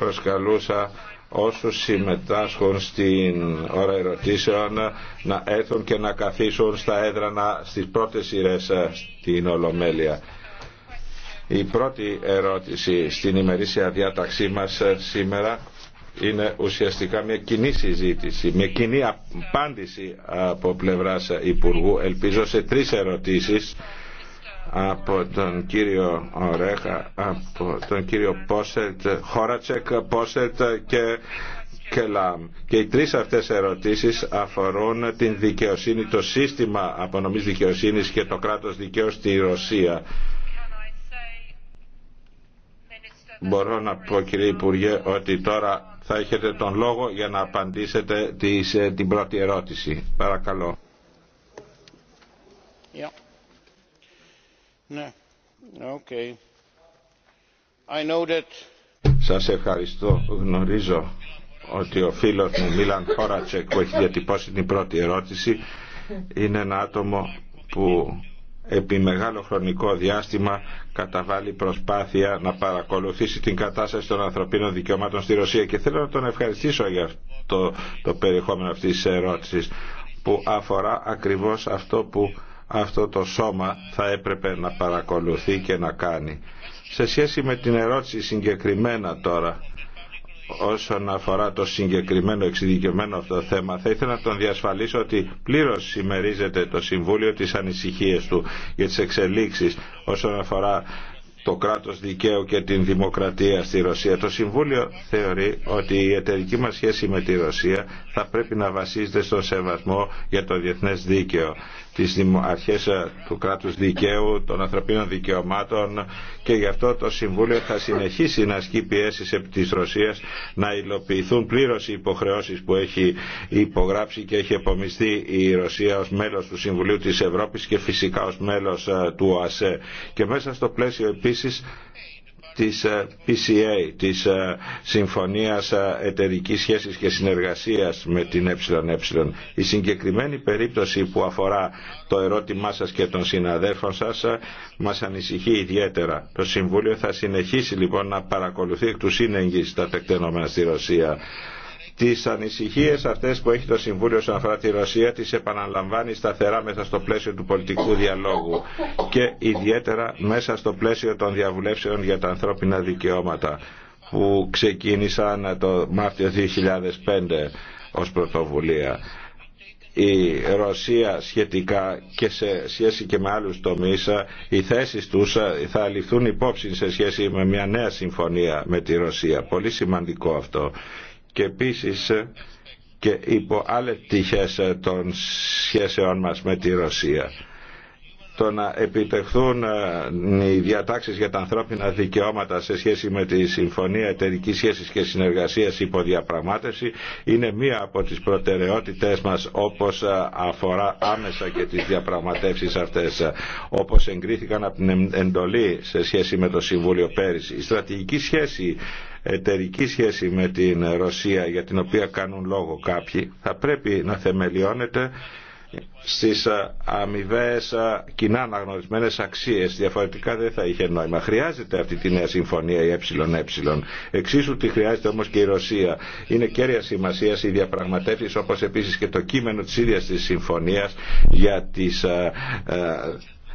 προσκαλούσα όσους συμμετάσχουν στην ώρα ερωτήσεων να έρθουν και να καθίσουν στα έδρανα στις πρώτες σειρές ε, στην Ολομέλεια. Η πρώτη ερώτηση στην ημερήσια διάταξή μας ε, σήμερα είναι ουσιαστικά μια κοινή συζήτηση, μια κοινή απάντηση από πλευράς Υπουργού. Ελπίζω σε τρεις ερωτήσεις από τον κύριο ρέχα, από τον κύριο Πόσετ, Χόρατσεκ, Πόσετ και Κελάμ. Και οι τρεις αυτές ερωτήσεις αφορούν την δικαιοσύνη, το σύστημα απονομής δικαιοσύνης και το κράτος δικαίου στη Ρωσία. Μπορώ να πω κύριε Υπουργέ ότι τώρα θα έχετε τον λόγο για να απαντήσετε ε, την πρώτη ερώτηση. Παρακαλώ. Ναι. Σας ευχαριστώ. Γνωρίζω ότι ο φίλος μου Μίλαν Χόρατσεκ που έχει διατυπώσει την πρώτη ερώτηση είναι ένα άτομο που επί μεγάλο χρονικό διάστημα καταβάλει προσπάθεια να παρακολουθήσει την κατάσταση των ανθρωπίνων δικαιωμάτων στη Ρωσία και θέλω να τον ευχαριστήσω για αυτό το περιεχόμενο αυτής της ερώτησης που αφορά ακριβώς αυτό που αυτό το σώμα θα έπρεπε να παρακολουθεί και να κάνει. Σε σχέση με την ερώτηση συγκεκριμένα τώρα, όσον αφορά το συγκεκριμένο εξειδικευμένο αυτό το θέμα θα ήθελα να τον διασφαλίσω ότι πλήρως συμμερίζεται το Συμβούλιο της ανησυχίες του για τις εξελίξεις όσον αφορά το κράτος δικαίου και την δημοκρατία στη Ρωσία. Το Συμβούλιο θεωρεί ότι η εταιρική μας σχέση με τη Ρωσία θα πρέπει να βασίζεται στον σεβασμό για το διεθνές δίκαιο τις αρχές ε, του κράτους δικαίου, των ανθρωπίνων δικαιωμάτων και γι' αυτό το Συμβούλιο θα συνεχίσει να ασκεί πιέσει επί της Ρωσίας να υλοποιηθούν πλήρως οι υποχρεώσεις που έχει υπογράψει και έχει επομιστεί η Ρωσία ως μέλος του Συμβουλίου της Ευρώπης και φυσικά ως μέλος ε, του ΟΑΣΕ. Και μέσα στο πλαίσιο επίσης της ε, PCA, της ε, Συμφωνίας ε, Εταιρικής Σχέσης και Συνεργασίας με την ΕΕ. Η συγκεκριμένη περίπτωση που αφορά το ερώτημά σας και των συναδέλφων σας μας ανησυχεί ιδιαίτερα. Το Συμβούλιο θα συνεχίσει λοιπόν να παρακολουθεί εκ του σύνεγγυς τα τεκτενόμενα στη Ρωσία τις ανησυχίες αυτές που έχει το Συμβούλιο όσον αφορά τη Ρωσία τις επαναλαμβάνει σταθερά μέσα στο πλαίσιο του πολιτικού διαλόγου και ιδιαίτερα μέσα στο πλαίσιο των διαβουλεύσεων για τα ανθρώπινα δικαιώματα που ξεκίνησαν το Μάρτιο 2005 ως πρωτοβουλία. Η Ρωσία σχετικά και σε σχέση και με άλλους τομείς οι θέσεις τους θα ληφθούν υπόψη σε σχέση με μια νέα συμφωνία με τη Ρωσία. Πολύ σημαντικό αυτό και επίσης ε, και υπό άλλες τυχές ε, των σχέσεών μας με τη Ρωσία το να επιτευχθούν ε, οι διατάξεις για τα ανθρώπινα δικαιώματα σε σχέση με τη Συμφωνία Εταιρικής Σχέσης και Συνεργασίας Υποδιαπραγμάτευση είναι μία από τις προτεραιότητές μας όπως ε, αφορά άμεσα και τις διαπραγματεύσεις αυτές ε, όπως εγκρίθηκαν από την εντολή σε σχέση με το Συμβούλιο πέρυσι. Η στρατηγική σχέση εταιρική σχέση με την Ρωσία για την οποία κάνουν λόγο κάποιοι θα πρέπει να θεμελιώνεται στις αμοιβέ κοινά αναγνωρισμένε αξίες. Διαφορετικά δεν θα είχε νόημα. Χρειάζεται αυτή τη νέα συμφωνία η ΕΕ. Εξίσου τη χρειάζεται όμως και η Ρωσία. Είναι κέρια σημασία οι διαπραγματεύσει, όπως επίσης και το κείμενο της ίδιας της συμφωνίας για τις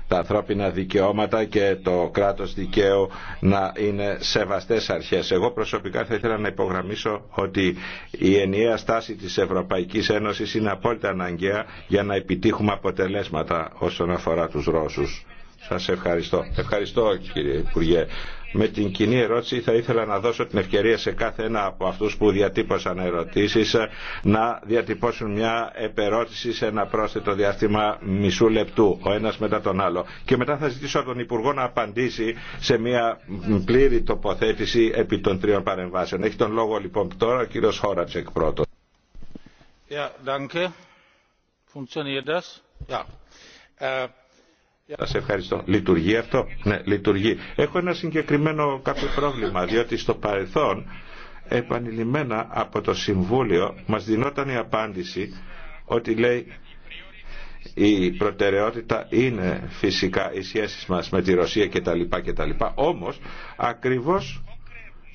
τα ανθρώπινα δικαιώματα και το κράτος δικαίου να είναι σεβαστές αρχές. Εγώ προσωπικά θα ήθελα να υπογραμμίσω ότι η ενιαία στάση της Ευρωπαϊκής Ένωσης είναι απόλυτα αναγκαία για να επιτύχουμε αποτελέσματα όσον αφορά τους Ρώσους. Σας ευχαριστώ. Ευχαριστώ κύριε Υπουργέ. Με την κοινή ερώτηση θα ήθελα να δώσω την ευκαιρία σε κάθε ένα από αυτούς που διατύπωσαν ερωτήσεις να διατυπώσουν μια επερώτηση σε ένα πρόσθετο διάστημα μισού λεπτού, ο ένας μετά τον άλλο. Και μετά θα ζητήσω από τον Υπουργό να απαντήσει σε μια πλήρη τοποθέτηση επί των τριών παρεμβάσεων. Έχει τον λόγο λοιπόν τώρα ο κύριος Χόρατσεκ πρώτο. Σας ευχαριστώ. Λειτουργεί αυτό. Ναι, λειτουργεί. Έχω ένα συγκεκριμένο κάποιο πρόβλημα, διότι στο παρελθόν επανειλημμένα από το Συμβούλιο μας δινόταν η απάντηση ότι λέει η προτεραιότητα είναι φυσικά οι σχέσεις μας με τη Ρωσία κτλ. κτλ. Όμως ακριβώς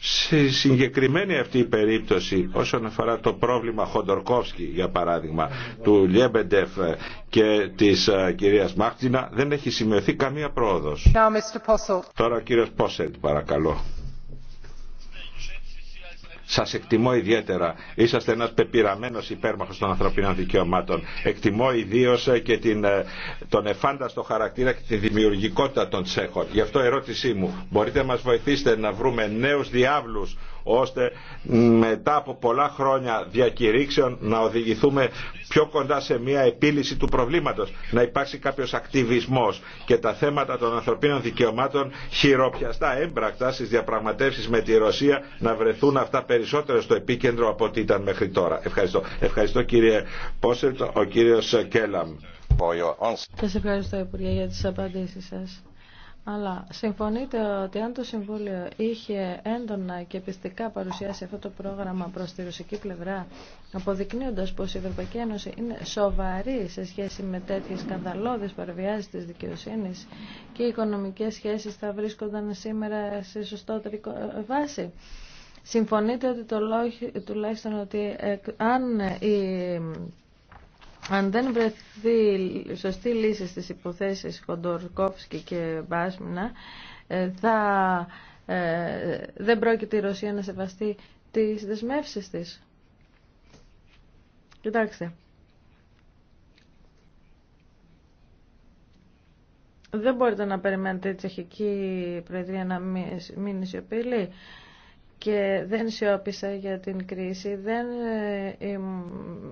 Στη συγκεκριμένη αυτή η περίπτωση όσον αφορά το πρόβλημα Χοντορκόφσκι για παράδειγμα του Λιέμπεντεφ και της ε, κυρίας Μάχτινα δεν έχει σημειωθεί καμία πρόοδος. Now, Τώρα ο κύριος παρακαλώ. Σα εκτιμώ ιδιαίτερα. Είσαστε ένα πεπειραμένο υπέρμαχος των ανθρωπίνων δικαιωμάτων. Εκτιμώ ιδίω ε, και την, ε, τον εφάνταστο χαρακτήρα και τη δημιουργικότητα των Τσέχων. Γι' αυτό ερώτησή μου, μπορείτε να μας βοηθήσετε να βρούμε νέου διάβλου ώστε μετά από πολλά χρόνια διακηρύξεων να οδηγηθούμε πιο κοντά σε μια επίλυση του προβλήματος, να υπάρξει κάποιος ακτιβισμός και τα θέματα των ανθρωπίνων δικαιωμάτων χειροπιαστά έμπρακτα στις διαπραγματεύσεις με τη Ρωσία να βρεθούν αυτά περισσότερο στο επίκεντρο από ό,τι ήταν μέχρι τώρα. Ευχαριστώ. Ευχαριστώ κύριε Πόσελτ, ο κύριος Κέλαμ. Σας ευχαριστώ Υπουργέ για τις απαντήσεις σας. Αλλά συμφωνείτε ότι αν το Συμβούλιο είχε έντονα και πιστικά παρουσιάσει αυτό το πρόγραμμα προ τη ρωσική πλευρά, αποδεικνύοντας πως η Ευρωπαϊκή Ένωση είναι σοβαρή σε σχέση με τέτοιες σκανδαλώδει παραβιάσει της δικαιοσύνης και οι οικονομικές σχέσεις θα βρίσκονταν σήμερα σε σωστότερη βάση. Συμφωνείτε ότι το τουλάχιστον ότι αν η αν δεν βρεθεί σωστή λύση στις υποθέσεις Χοντορκόφσκι και Μπάσμινα, ε, θα, ε, δεν πρόκειται η Ρωσία να σεβαστεί τις δεσμεύσεις της. Κοιτάξτε. Δεν μπορείτε να περιμένετε η τσεχική προεδρία να μείνει σιωπηλή και δεν σιώπησα για την κρίση, δεν ε,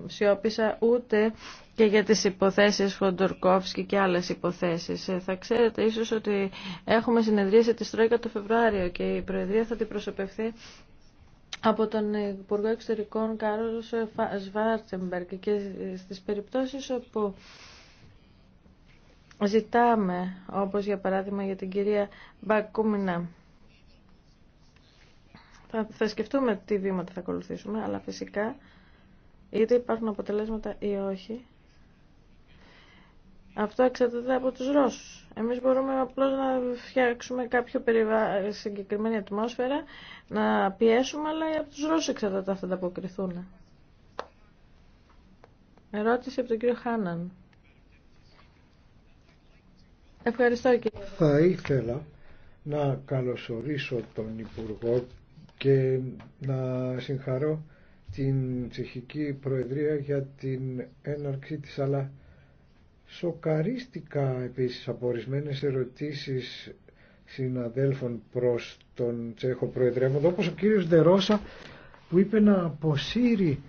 σιώπησα ούτε και για τις υποθέσεις Φοντορκόφσκι και άλλες υποθέσεις. Ε, θα ξέρετε ίσως ότι έχουμε συνεδρίαση τη Στρόικα το Φεβρουάριο και η Προεδρία θα την προσωπευθεί από τον Υπουργό Εξωτερικών Κάρος Σβάρτσεμπερκ και στις περιπτώσεις όπου ζητάμε, όπως για παράδειγμα για την κυρία Μπακούμινα, θα, σκεφτούμε τι βήματα θα ακολουθήσουμε, αλλά φυσικά είτε υπάρχουν αποτελέσματα ή όχι. Αυτό εξαρτάται από τους Ρώσους. Εμείς μπορούμε απλώς να φτιάξουμε κάποιο περιβάλλον, συγκεκριμένη ατμόσφαιρα, να πιέσουμε, αλλά από τους Ρώσους εξαρτάται αυτά τα αποκριθούν. Ερώτηση από τον κύριο Χάναν. Ευχαριστώ κύριε. Θα ήθελα να καλωσορίσω τον Υπουργό και να συγχαρώ την Τσεχική Προεδρία για την έναρξή της αλλά σοκαρίστηκα επίσης από ορισμένε ερωτήσεις συναδέλφων προς τον Τσέχο Προεδρεύοντα όπως ο κύριος Ντερόσα που είπε να αποσύρει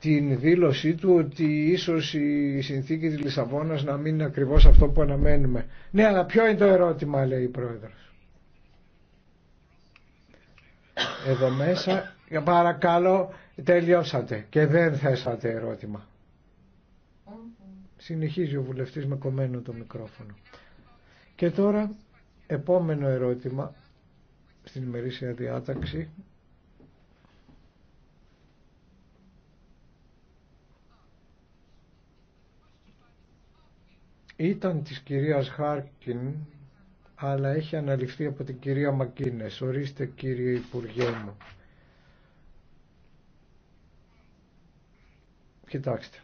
την δήλωσή του ότι ίσως η συνθήκη της Λισαβόνας να μην είναι ακριβώς αυτό που αναμένουμε. Ναι, αλλά ποιο είναι το ερώτημα, λέει η Πρόεδρος εδώ μέσα. Παρακαλώ, τελειώσατε και δεν θέσατε ερώτημα. Συνεχίζει ο βουλευτής με κομμένο το μικρόφωνο. Και τώρα, επόμενο ερώτημα στην ημερήσια διάταξη. Ήταν της κυρίας Χάρκιν αλλά έχει αναλυφθεί από την κυρία Μακίνες. Ορίστε κύριε Υπουργέ μου. Κοιτάξτε.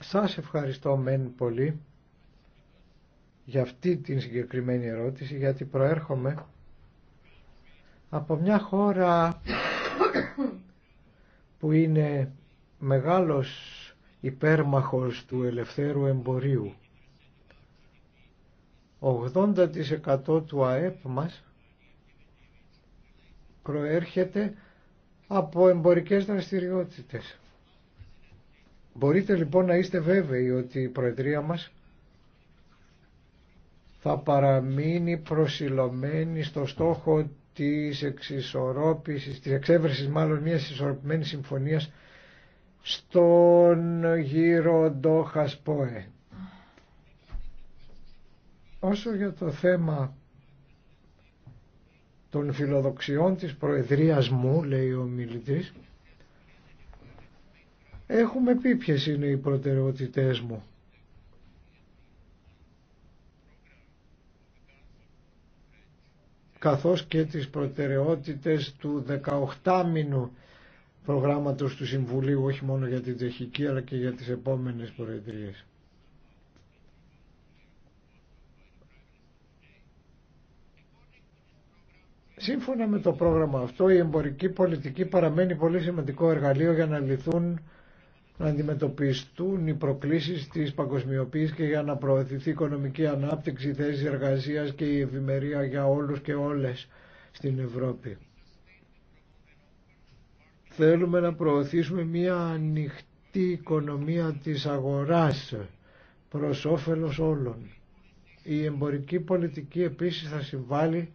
Σας ευχαριστώ μεν πολύ για αυτή την συγκεκριμένη ερώτηση γιατί προέρχομαι από μια χώρα που είναι μεγάλος υπέρμαχος του ελευθέρου εμπορίου 80% του ΑΕΠ μας προέρχεται από εμπορικές δραστηριότητες. Μπορείτε λοιπόν να είστε βέβαιοι ότι η Προεδρία μας θα παραμείνει προσιλωμένη στο στόχο της εξισορρόπησης, της εξέβρεσης μάλλον μιας ισορροπημένης συμφωνίας στον γύρο Ντόχας Πόε. Όσο για το θέμα των φιλοδοξιών της Προεδρίας μου, λέει ο μιλητής, έχουμε πει ποιες είναι οι προτεραιότητές μου. καθώς και τις προτεραιότητες του 18 μήνου προγράμματος του Συμβουλίου, όχι μόνο για την Τσεχική αλλά και για τις επόμενες προεδρίες. Σύμφωνα με το πρόγραμμα αυτό, η εμπορική πολιτική παραμένει πολύ σημαντικό εργαλείο για να λυθούν να αντιμετωπιστούν οι προκλήσεις της παγκοσμιοποίησης και για να προωθηθεί η οικονομική ανάπτυξη, θέση εργασίας και η ευημερία για όλους και όλες στην Ευρώπη. Θέλουμε να προωθήσουμε μια ανοιχτή οικονομία της αγοράς προς όφελος όλων. Η εμπορική πολιτική επίσης θα συμβάλλει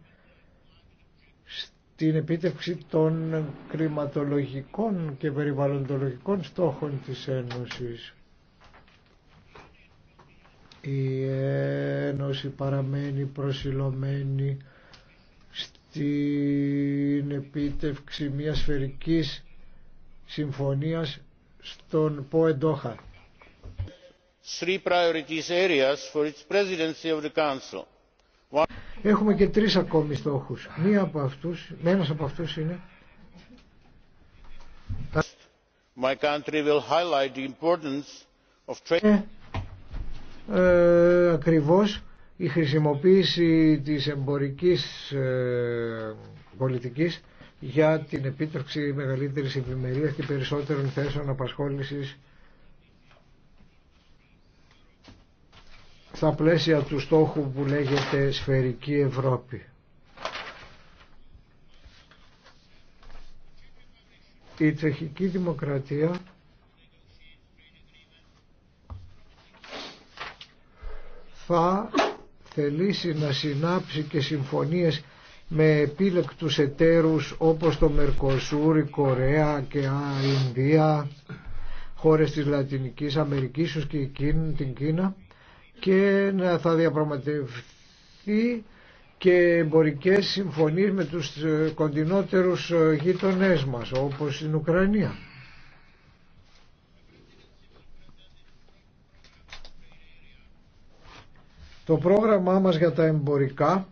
στην επίτευξη των κλιματολογικών και περιβαλλοντολογικών στόχων της Ένωσης. Η Ένωση παραμένει προσιλωμένη στην επίτευξη μιας σφαιρικής συμφωνίας στον ΠΟΕΝΤΟΧΑ. Three priorities areas for its presidency of the Council Έχουμε και τρεις ακόμη στόχους. Μία από αυτούς, ένας από αυτούς είναι My country will highlight the importance of trade. Ε, ακριβώς η χρησιμοποίηση της εμπορικής ε, πολιτικής για την επίτευξη μεγαλύτερης ευημερίας και περισσότερων θέσεων απασχόλησης στα πλαίσια του στόχου που λέγεται Σφαιρική Ευρώπη. Η τσεχική δημοκρατία θα θελήσει να συνάψει και συμφωνίες με επίλεκτους εταίρους όπως το Μερκοσούρ, η Κορέα και η Ινδία, χώρες της Λατινικής Αμερικής, και την Κίνα, και να θα διαπραγματευτεί και εμπορικές συμφωνίες με τους ε, κοντινότερους ε, γείτονές μας όπως στην Ουκρανία. Το πρόγραμμά μας για τα εμπορικά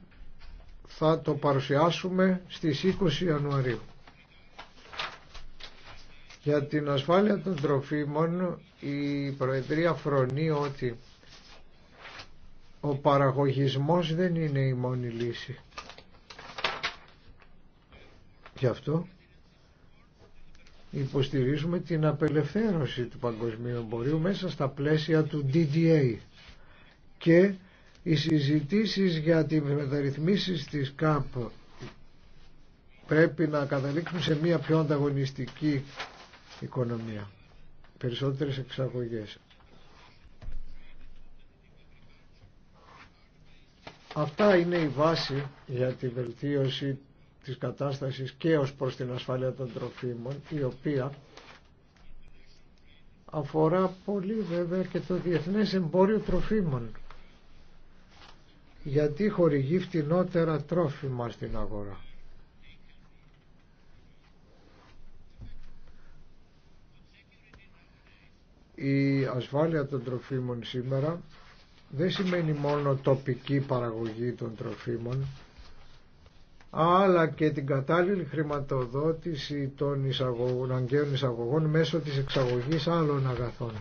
θα το παρουσιάσουμε στις 20 Ιανουαρίου. Για την ασφάλεια των τροφίμων η Προεδρία φρονεί ότι ο παραγωγισμός δεν είναι η μόνη λύση. Γι' αυτό υποστηρίζουμε την απελευθέρωση του παγκοσμίου εμπορίου μέσα στα πλαίσια του DDA και οι συζητήσεις για τι μεταρρυθμίσεις της ΚΑΠ πρέπει να καταλήξουν σε μια πιο ανταγωνιστική οικονομία. Περισσότερες εξαγωγές. Αυτά είναι η βάση για τη βελτίωση της κατάστασης και ως προς την ασφάλεια των τροφίμων, η οποία αφορά πολύ βέβαια και το διεθνές εμπόριο τροφίμων γιατί χορηγεί φτηνότερα τρόφιμα στην αγορά. Η ασφάλεια των τροφίμων σήμερα δεν σημαίνει μόνο τοπική παραγωγή των τροφίμων, αλλά και την κατάλληλη χρηματοδότηση των εισαγωγών, αγκαίων εισαγωγών μέσω της εξαγωγής άλλων αγαθών.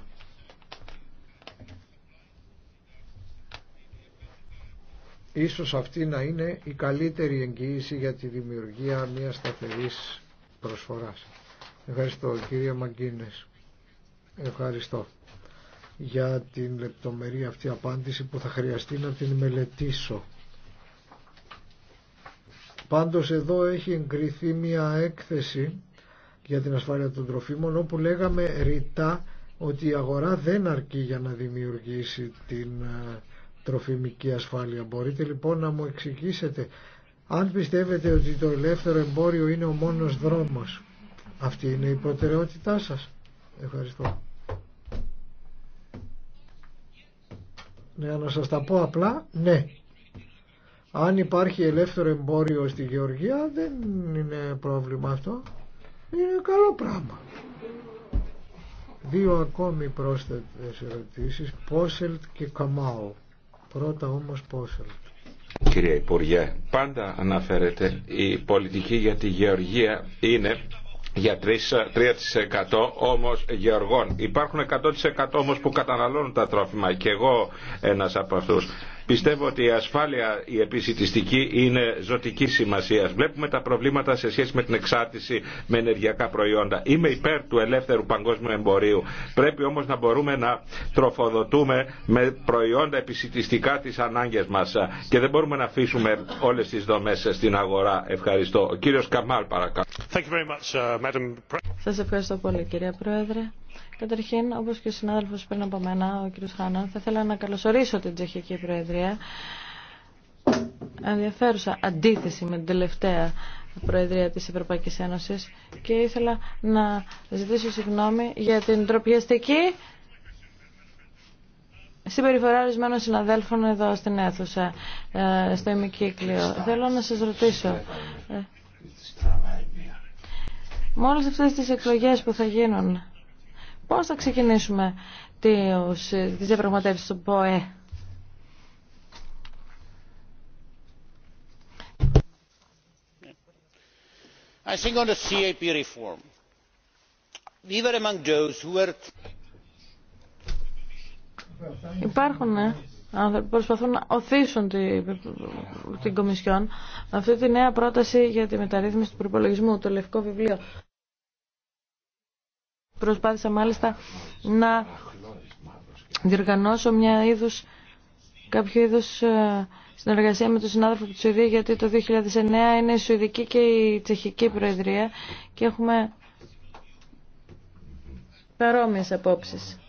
Ίσως αυτή να είναι η καλύτερη εγγύηση για τη δημιουργία μιας σταθερής προσφοράς. Ευχαριστώ κύριε Μαγκίνες. Ευχαριστώ για την λεπτομερή αυτή απάντηση που θα χρειαστεί να την μελετήσω. Πάντως εδώ έχει εγκριθεί μια έκθεση για την ασφάλεια των τροφίμων όπου λέγαμε ρητά ότι η αγορά δεν αρκεί για να δημιουργήσει την ε, τροφιμική ασφάλεια. Μπορείτε λοιπόν να μου εξηγήσετε αν πιστεύετε ότι το ελεύθερο εμπόριο είναι ο μόνος δρόμος. Αυτή είναι η προτεραιότητά σας. Ευχαριστώ. Ναι, να σας τα πω απλά, ναι. Αν υπάρχει ελεύθερο εμπόριο στη Γεωργία δεν είναι πρόβλημα αυτό. Είναι καλό πράγμα. Δύο ακόμη πρόσθετες ερωτήσεις, Πόσελτ και Καμάου. Πρώτα όμως Πόσελτ. Κύριε Υπουργέ, πάντα αναφέρεται η πολιτική για τη Γεωργία είναι για 3%, 3% όμως γεωργών. Υπάρχουν 100% όμως που καταναλώνουν τα τρόφιμα και εγώ ένας από αυτούς. Πιστεύω ότι η ασφάλεια η επισητιστική είναι ζωτική σημασία. Βλέπουμε τα προβλήματα σε σχέση με την εξάρτηση με ενεργειακά προϊόντα. Είμαι υπέρ του ελεύθερου παγκόσμιου εμπορίου. Πρέπει όμω να μπορούμε να τροφοδοτούμε με προϊόντα επισητιστικά τι ανάγκε μα και δεν μπορούμε να αφήσουμε όλε τι δομέ στην αγορά. Ευχαριστώ. Ο κύριο Καμάλ, παρακαλώ. Uh, Σα ευχαριστώ πολύ, κυρία Πρόεδρε. Καταρχήν, όπως και ο συνάδελφος πριν από μένα, ο κ. Χάναν, θα ήθελα να καλωσορίσω την Τσεχική Προεδρία. Ενδιαφέρουσα αντίθεση με την τελευταία Προεδρία της Ευρωπαϊκής Ένωσης και ήθελα να ζητήσω συγγνώμη για την τροπιαστική συμπεριφορά ορισμένων συναδέλφων εδώ στην αίθουσα, ε, στο ημικύκλιο. Θέλω να σας ρωτήσω. Με αυτές τις εκλογές που θα γίνουν, Πώς θα ξεκινήσουμε τις διαπραγματεύσεις του ΠΟΕ. I think on the CAP reform, among those who Υπάρχουν ε, άνθρωποι που προσπαθούν να οθήσουν την, την Κομισιόν αυτή τη νέα πρόταση για τη μεταρρύθμιση του προπολογισμού, το λευκό βιβλίο. Προσπάθησα μάλιστα να διοργανώσω μια είδους, κάποιο είδους ε, συνεργασία με τον συνάδελφο του τη γιατί το 2009 είναι η Σουηδική και η Τσεχική Προεδρία και έχουμε παρόμοιες απόψεις.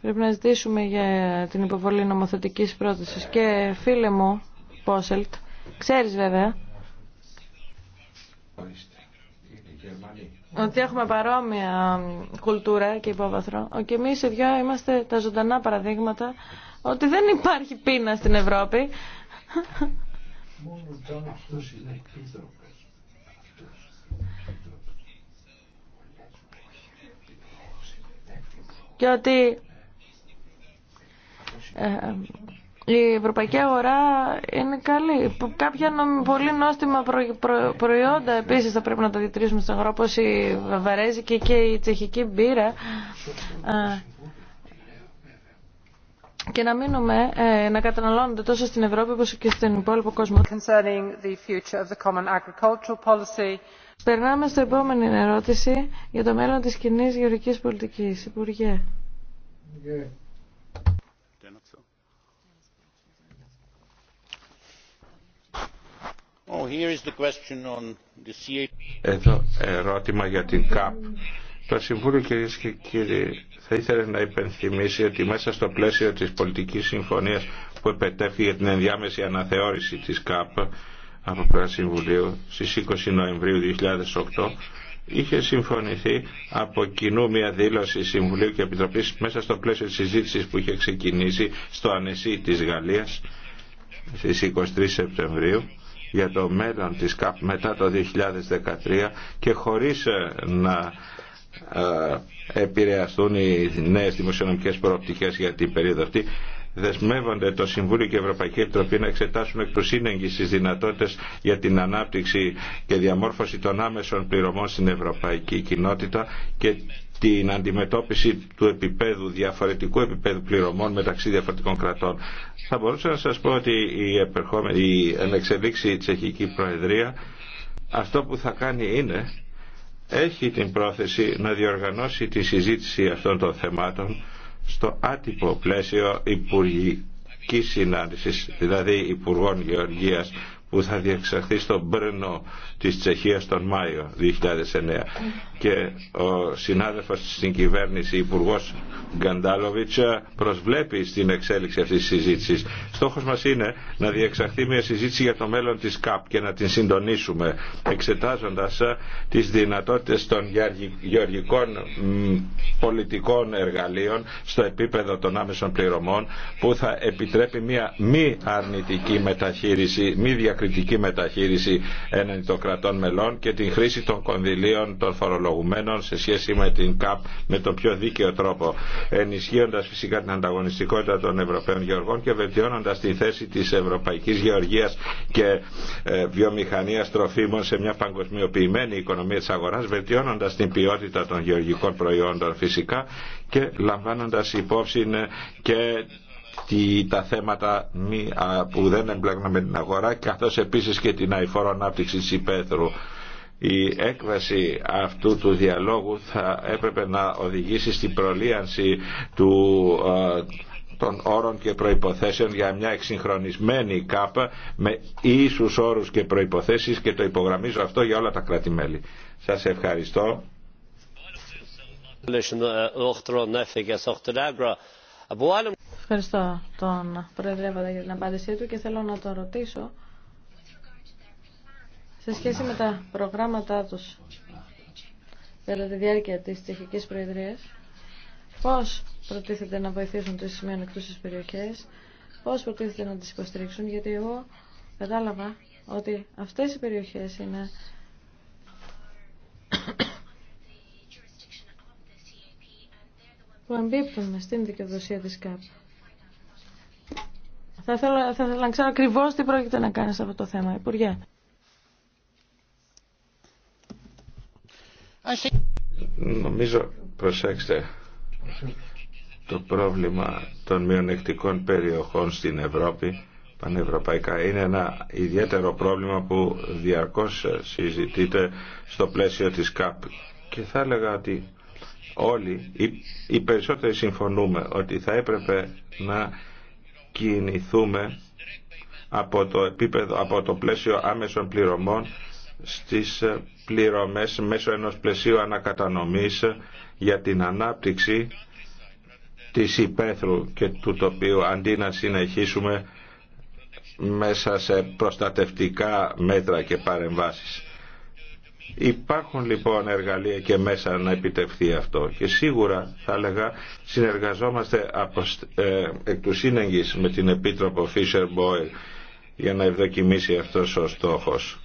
Πρέπει να ζητήσουμε για την υποβολή νομοθετικής πρότασης και φίλε μου, Πόσελτ, ξέρεις βέβαια, ότι έχουμε παρόμοια κουλτούρα και υπόβαθρο, και εμείς οι δυο είμαστε τα ζωντανά παραδείγματα ότι δεν υπάρχει πείνα στην Ευρώπη. και ότι ε, ε, η ευρωπαϊκή αγορά είναι καλή. Κάποια πολύ νόστιμα προϊόντα επίσης θα πρέπει να τα διατηρήσουμε στην Ευρώπη, όπως η βαρεζική και η τσεχική μπύρα. Και να μείνουμε ε, να καταναλώνονται τόσο στην Ευρώπη όπως και στην υπόλοιπο κόσμο. Περνάμε στο επόμενη ερώτηση για το μέλλον της κοινή γεωργικής πολιτικής. Υπουργέ. Yeah. Oh, Εδώ ερώτημα για την ΚΑΠ. Το Συμβούλιο κυρίε και κύριοι θα ήθελε να υπενθυμίσει ότι μέσα στο πλαίσιο της πολιτικής συμφωνίας που επετέφθη για την ενδιάμεση αναθεώρηση της ΚΑΠ από το Συμβουλίου στις 20 Νοεμβρίου 2008 είχε συμφωνηθεί από κοινού μια δήλωση Συμβουλίου και Επιτροπής μέσα στο πλαίσιο της συζήτησης που είχε ξεκινήσει στο Ανεσί της Γαλλίας στις 23 Σεπτεμβρίου για το μέλλον της ΚΑΠ μετά το 2013 και χωρίς ε, να ε, επηρεαστούν οι νέες δημοσιονομικές προοπτικές για την περίοδο αυτή δεσμεύονται το Συμβούλιο και η Ευρωπαϊκή Επιτροπή να εξετάσουν εκ του σύνεγγυ τι δυνατότητε για την ανάπτυξη και διαμόρφωση των άμεσων πληρωμών στην Ευρωπαϊκή Κοινότητα και την αντιμετώπιση του επίπεδου, διαφορετικού επίπεδου πληρωμών μεταξύ διαφορετικών κρατών. Θα μπορούσα να σας πω ότι η, η ενεξελίξη τσεχική προεδρία αυτό που θα κάνει είναι έχει την πρόθεση να διοργανώσει τη συζήτηση αυτών των θεμάτων στο άτυπο πλαίσιο υπουργικής συνάντησης, δηλαδή Υπουργών Γεωργίας που θα διεξαχθεί στο Μπρνο της Τσεχίας τον Μάιο 2009 και ο συνάδελφος στην κυβέρνηση υπουργό Γκαντάλοβιτς προσβλέπει στην εξέλιξη αυτής της συζήτησης. Στόχος μας είναι να διεξαχθεί μια συζήτηση για το μέλλον της ΚΑΠ και να την συντονίσουμε εξετάζοντας ε, τις δυνατότητες των γεωργικών πολιτικών εργαλείων στο επίπεδο των άμεσων πληρωμών που θα επιτρέπει μια μη αρνητική μεταχείριση, μη κριτική μεταχείριση έναντι των κρατών μελών και την χρήση των κονδυλίων των φορολογουμένων σε σχέση με την ΚΑΠ με τον πιο δίκαιο τρόπο, ενισχύοντα φυσικά την ανταγωνιστικότητα των Ευρωπαίων Γεωργών και βελτιώνοντα τη θέση τη Ευρωπαϊκή Γεωργία και ε, βιομηχανία τροφίμων σε μια παγκοσμιοποιημένη οικονομία τη αγορά, βελτιώνοντα την ποιότητα των γεωργικών προϊόντων φυσικά και λαμβάνοντας υπόψη ε, και τα θέματα που δεν εμπλέκουν με την αγορά καθώς επίσης και την αηφόρο ανάπτυξη της υπαίθρου. Η έκβαση αυτού του διαλόγου θα έπρεπε να οδηγήσει στην προλίανση του των όρων και προϋποθέσεων για μια εξυγχρονισμένη ΚΑΠΑ με ίσους όρους και προϋποθέσεις και το υπογραμμίζω αυτό για όλα τα κράτη-μέλη. Σας ευχαριστώ. Ευχαριστώ τον Προεδρεύοντα για την απάντησή του και θέλω να τον ρωτήσω σε σχέση με τα προγράμματά τους κατά τη διάρκεια της Τσεχικής Προεδρίας πώς προτίθεται να βοηθήσουν τις της περιοχές πώς προτίθεται να τις υποστηρίξουν γιατί εγώ κατάλαβα ότι αυτές οι περιοχές είναι που εμπίπτουν στην δικαιοδοσία της ΚΑΠ. Θα ήθελα, θα να ξέρω ακριβώ τι πρόκειται να κάνει σε αυτό το θέμα, Υπουργέ. Νομίζω, προσέξτε, το πρόβλημα των μειονεκτικών περιοχών στην Ευρώπη πανευρωπαϊκά είναι ένα ιδιαίτερο πρόβλημα που διαρκώς συζητείται στο πλαίσιο της ΚΑΠ και θα έλεγα ότι όλοι οι περισσότεροι συμφωνούμε ότι θα έπρεπε να κινηθούμε από το, επίπεδο, από το πλαίσιο άμεσων πληρωμών στις πληρωμές μέσω ενός πλαισίου ανακατανομής για την ανάπτυξη της υπαίθρου και του τοπίου αντί να συνεχίσουμε μέσα σε προστατευτικά μέτρα και παρεμβάσεις. Υπάρχουν λοιπόν εργαλεία και μέσα να επιτευχθεί αυτό και σίγουρα θα έλεγα συνεργαζόμαστε από, ε, εκ του σύνεγγυς με την Επίτροπο Fisher Boyle για να ευδοκιμήσει αυτός ο στόχος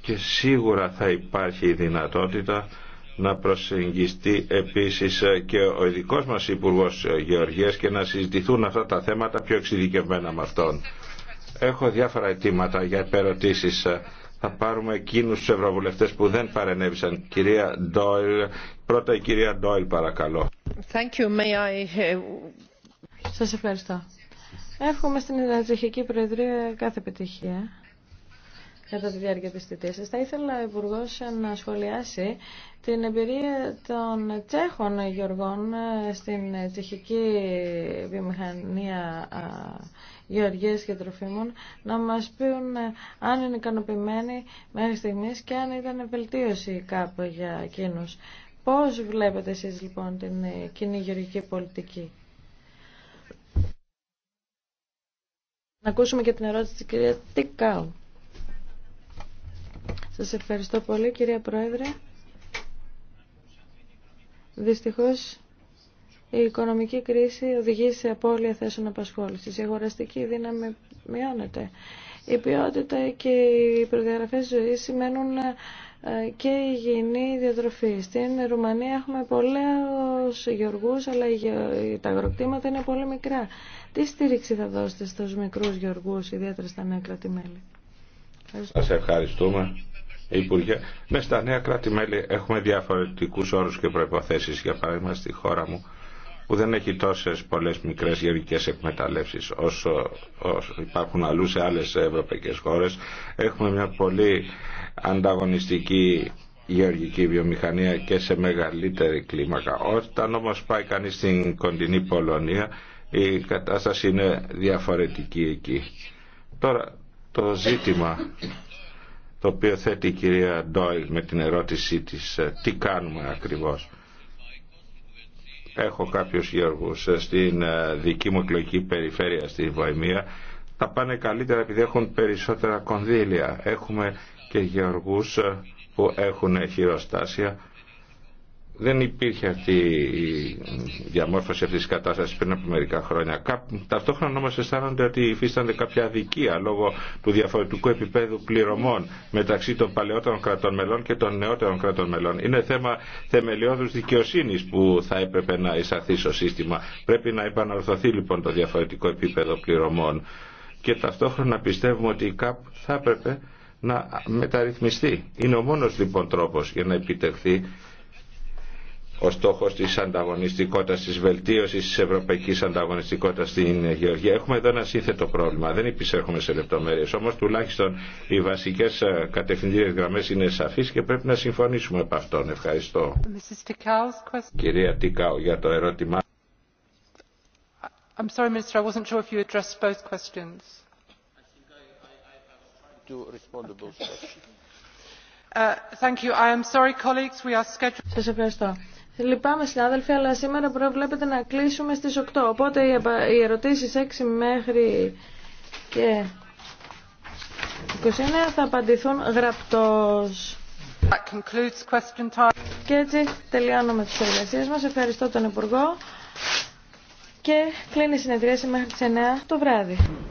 και σίγουρα θα υπάρχει η δυνατότητα να προσεγγιστεί επίσης ε, και ο ειδικός μας Υπουργός ε, Γεωργίας και να συζητηθούν αυτά τα θέματα πιο εξειδικευμένα με αυτόν. Έχω διάφορα αιτήματα για υπερωτήσεις θα πάρουμε εκείνους τους ευρωβουλευτές που δεν παρενέβησαν. Κυρία Ντόιλ, πρώτα η κυρία Ντόιλ παρακαλώ. Thank you. May I... Uh, Σας ευχαριστώ. Εύχομαι στην Ιδρυτική Προεδρία κάθε επιτυχία κατά τη διάρκεια της θητείας σας. Θα ήθελα ο υπουργό να σχολιάσει την εμπειρία των Τσέχων γεωργών ε, στην τσεχική βιομηχανία γεωργίας και τροφίμων να μας πούν ε, αν είναι ικανοποιημένοι μέχρι στιγμή και αν ήταν βελτίωση κάπου για εκείνους. Πώς βλέπετε εσείς λοιπόν την ε, κοινή γεωργική πολιτική. Να ακούσουμε και την ερώτηση της κυρία Τικάου. Σας ευχαριστώ πολύ κυρία Πρόεδρε. Δυστυχώς η οικονομική κρίση οδηγεί σε απώλεια θέσεων απασχόλησης. Η αγοραστική δύναμη μειώνεται. Η ποιότητα και οι προδιαγραφές ζωής σημαίνουν ε, και η υγιεινή διατροφή. Στην Ρουμανία έχουμε πολλούς γεωργούς, αλλά τα αγροκτήματα είναι πολύ μικρά. Τι στήριξη θα δώσετε στους μικρούς γεωργούς, ιδιαίτερα στα νέα κράτη-μέλη. Σας ευχαριστούμε. Υπουργέ, με στα νέα κράτη-μέλη έχουμε διαφορετικού όρους και προποθέσει, Για παράδειγμα, στη χώρα μου που δεν έχει τόσε πολλές μικρές γεωργικές εκμεταλλεύσει όσο, όσο υπάρχουν αλλού σε άλλες ευρωπαϊκές χώρες. Έχουμε μια πολύ ανταγωνιστική γεωργική βιομηχανία και σε μεγαλύτερη κλίμακα. Όταν όμω πάει κανεί στην κοντινή Πολωνία η κατάσταση είναι διαφορετική εκεί. Τώρα το ζήτημα το οποίο θέτει η κυρία Ντόιλ με την ερώτησή της ε, τι κάνουμε ακριβώς. Έχω κάποιους γεωργούς ε, στην ε, δική μου εκλογική περιφέρεια στη Βοημία. Τα πάνε καλύτερα επειδή έχουν περισσότερα κονδύλια. Έχουμε και γεωργούς που έχουν χειροστάσια δεν υπήρχε αυτή η διαμόρφωση αυτής της κατάστασης πριν από μερικά χρόνια. Ταυτόχρονα όμως αισθάνονται ότι υφίστανται κάποια αδικία λόγω του διαφορετικού επίπεδου πληρωμών μεταξύ των παλαιότερων κρατών μελών και των νεότερων κρατών μελών. Είναι θέμα θεμελιώδους δικαιοσύνης που θα έπρεπε να εισαχθεί στο σύστημα. Πρέπει να επαναρθωθεί λοιπόν το διαφορετικό επίπεδο πληρωμών. Και ταυτόχρονα πιστεύουμε ότι η ΚΑΠ θα έπρεπε να μεταρρυθμιστεί. Είναι ο μόνος λοιπόν τρόπος για να επιτευχθεί ο στόχος της ανταγωνιστικότητας, της βελτίωσης της Ευρωπαϊκή ανταγωνιστικότητας στην Γεωργία. Έχουμε εδώ ένα σύνθετο πρόβλημα, δεν επισέρχομαι σε λεπτομέρειες, όμως τουλάχιστον οι βασικές ε, κατευθυντήριες γραμμές είναι σαφείς και πρέπει να συμφωνήσουμε από αυτόν. Ευχαριστώ. Κυρία Τικάου για το ερώτημά. I'm ευχαριστώ. Λυπάμαι συνάδελφοι, αλλά σήμερα προβλέπετε να κλείσουμε στις 8. Οπότε οι ερωτήσεις 6 μέχρι και 29 θα απαντηθούν γραπτός. Και έτσι τελειώνουμε τις εργασίες μας. Ευχαριστώ τον Υπουργό και κλείνει η συνεδρίαση μέχρι τις 9 το βράδυ.